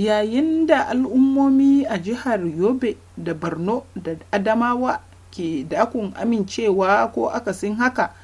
yayin da al'ummomi a jihar yobe da borno da adamawa ke dakun amincewa ko akasin haka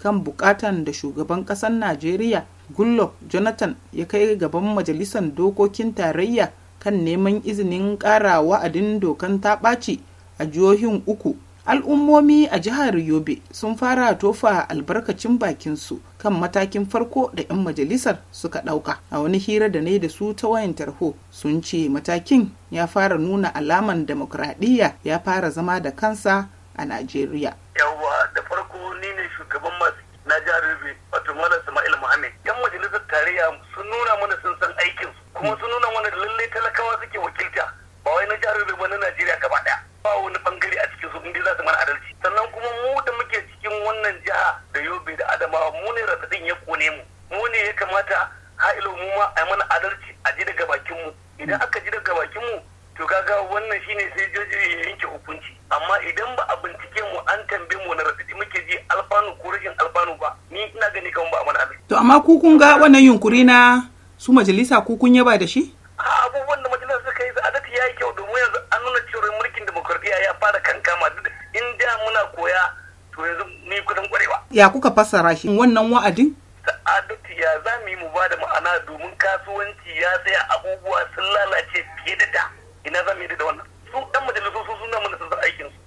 kan bukatan da shugaban kasar najeriya gullo jonathan ya kai gaban majalisar dokokin tarayya kan neman izinin kara wa'adin dokan ta ɓaci a jihohin uku al'ummomi a jihar yobe sun fara tofa albarkacin bakinsu kan matakin farko da 'yan majalisar suka ɗauka a wani hira da ne da su ta wayan tarho sun ce matakin ya fara nuna alaman demokradiyya ya fara zama da kansa a najeriya yawa da farko ni ne shugaban masu na jihar yobe wato malam sama'il muhammed yan majalisar tarayya sun nuna mana sun san aikinsu kuma sun ilo mu ma a mana adalci a ji daga bakin mu idan aka ji daga bakin mu to kaga wannan shine sai jojo ya yanke hukunci amma idan ba a bincike mu an tambaye mu na rafiti muke ji alfanu ko rashin alfanu ba ni ina gani kan ba a mana adalci to amma ku kun ga wannan yunkuri na su majalisa ku kun yaba da shi a abubuwan da majalisa suka yi adalci yi kyau domin yanzu an nuna cewa mulkin demokarfiya ya fara kankama in da muna koya to yanzu ni kudin kwarewa ya kuka fassara shi wannan wa'adin za mu yi mu ba da ma'ana domin kasuwanci ya tsaya abubuwa sun lalace fiye da da ina za mu yi da wannan su ɗan majalisun sun suna mana sun san aikin su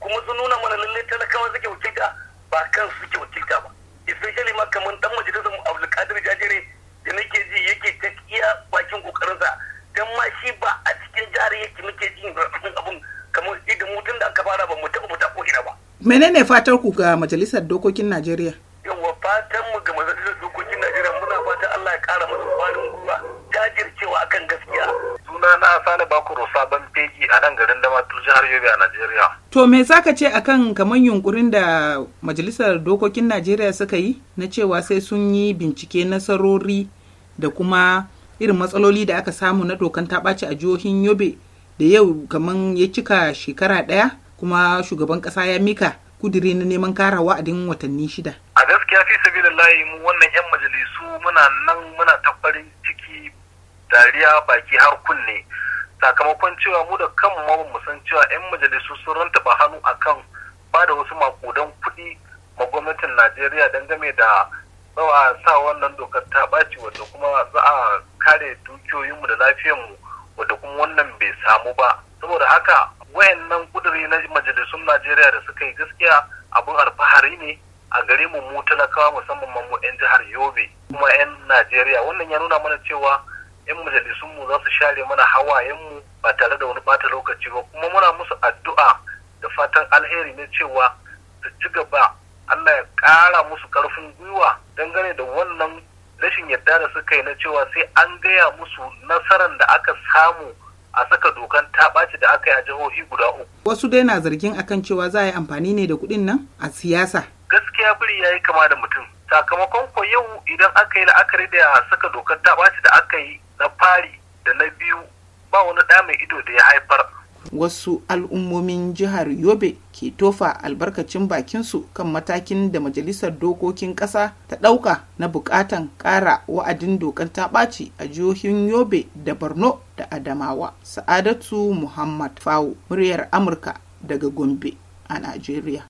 kuma sun nuna mana lallai talakawa suke wakilta ba kan suke wakilta ba especially ma kamar ɗan majalisar mu abdulkadir jajire da nake ji yake ta iya bakin sa dan ma shi ba a cikin jihar yake muke jin abun kamar idan mutum da aka fara ba mu taɓa fita ko ina ba menene fatar ku ga majalisar dokokin Najeriya a nan garin Damatul jihar Yobe a Najeriya. To me za ka ce akan kamar yunkurin da Majalisar Dokokin Najeriya suka yi na cewa sai sun yi bincike nasarori da kuma irin matsaloli da aka samu na dokan ta a jihohin Yobe da yau kamar ya cika shekara ɗaya kuma shugaban ƙasa ya mika kudiri na neman kara wa'adin watanni shida. A gaskiya fi layi mu wannan 'yan majalisu muna nan muna tabbarin ciki dariya baki har kunne sakamakon cewa mu da kan mu mu san cewa 'yan majalisu sun rantaba hannu akan ba da wasu makudan kuɗi ma gwamnatin najeriya game da zawa sa wannan dokar ta ɓaci wadda kuma za a kare dukiyoyinmu da mu wadda kuma wannan bai samu ba saboda haka wayannan kuduri na majalisun najeriya da suka yi gaskiya abin alfahari ne a gare mu mu talakawa musamman mu 'yan jihar yobe kuma 'yan najeriya wannan ya nuna mana cewa 'yan majalisunmu za su share mana hawayenmu ba tare da wani bata lokaci ba kuma muna musu addu'a da fatan alheri na cewa su ci gaba Allah ya ƙara musu ƙarfin gwiwa dangane da wannan rashin yarda da suka yi na cewa sai an gaya musu nasarar da aka samu a saka dokan ta ɓaci da aka yi a jihohi guda uku. Wasu dai na zargin akan cewa za a yi amfani ne da kuɗin nan a siyasa. Gaskiya biri ya yi kama da mutum. Sakamakon ko yau idan aka yi la'akari da saka dokar ta ɓaci da aka yi na fari da na biyu ba wani ɗa mai ido da ya haifar wasu al'ummomin jihar yobe ke tofa albarkacin bakinsu kan matakin da majalisar dokokin ƙasa ta ɗauka na buƙatan ƙara wa'adin dokar ta ɓaci a jihohin yobe da borno da adamawa sa'adatu muhammad fawo muryar amurka daga gombe a najeriya